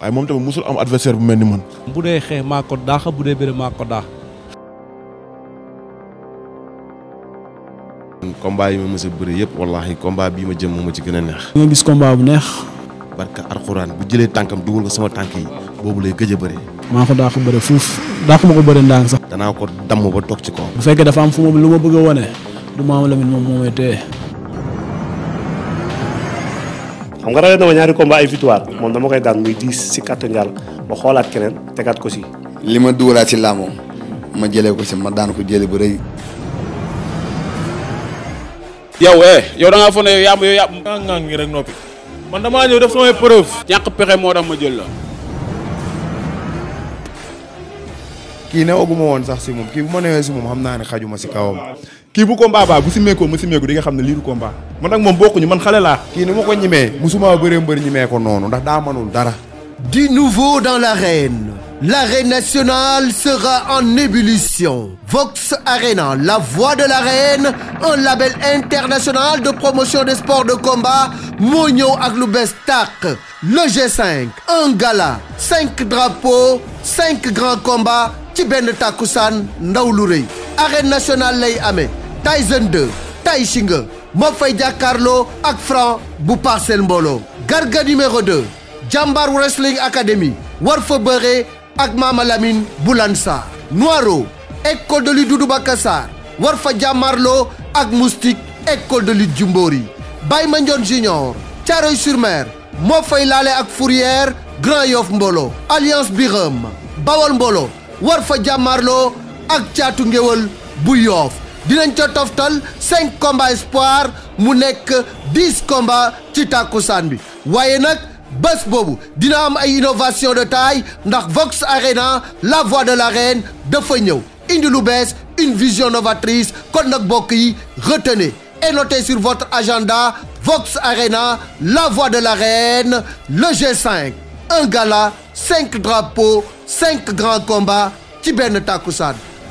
waaye moom tamit musul am adversaire bu mel ni man. bu dee xeex maa ko daax bu dee bëre maa ko daax. combat yi ma mës a bëri yëpp wallaahi combat bii ma jëm moo ma ci gën a neex. di nga gis combat bu neex. barka alxuraan bu jëlee tànkam dugal ko sama tànk yi boobu lay gëj a bëri. maa ko daax bëri fuuf daax ma ko bëri ndànk sax. danaa ko damm ba toog ci kaw. bu fekkee dafa am fu ma lu ma bëgg a wane du ma am lamit moom moo may na ma ñaari combat ay victoire moom dama koy daan muy diis si kàttu njàll ma xoolaat keneen tegaat ko si. li ma dugalaa ci laamoom ma jële ko si ma daan ko jëlee bu rëy. yow eh yow da ngaa ne yaa ma yaa ma. ngaa ngi rek noppi man damaa ñëw def samay preuve. ñàkk pexe moo tax ma jël la. kii ne oguma woon sax si moom kii bu ma newee si moom xam naa ne xajuma si kawam kii bu combat baa bu si meekoo mu si meeku di nga xam ne lii du combat. man ak moom ñu man xale laa. ni ma ko ñimee musuma bëree mbër ñimee ko noonu ndax daa mënul dara. Du nouveau dans l'arène. L'arène nationale sera en ébullition. Vox Arena, la voix de l'arène, un label international de promotion des sports de combat, moo ñëw ak lu bees tàq. Le g un gala, cinq drapeaux, cinq grands combats ci benn takkusaan ndaw lu rëy. Arène nationale lay ame Tyson de Tai Shinga moo fay jàkkaarloo ak franc bu parcelle mbooloo garga numéro 2 jàmbaar wrestling academy war fa bëre ak Mama Lamine bu Lansar noiro école de lutte Doudou Bakassar war fa jàmmaarloo ak moustique école de lutte Jumbori Baye Mandione junior Thiaroye sur mer moo fay laale ak fourrière Grand Yoff mbooloo alliance Birame bawol mbooloo war fa jàmmaarloo ak caatu ngéwël bu yoof dinañ ca toftal cinq combats espoir mu nekk dix combats ci tàkkusaan bi waaye nag bés boobu dina am ay innovation de taille ndax Vox Arena la voix de la l'arène dafa ñëw indi lu bees une vision novatrice kon nag mbokk yi retenez et notez sur votre agenda Vox Arena la voix de l'arène le G5 un gala cinq drapeaux cinq grands combats ci benn tàkkusaan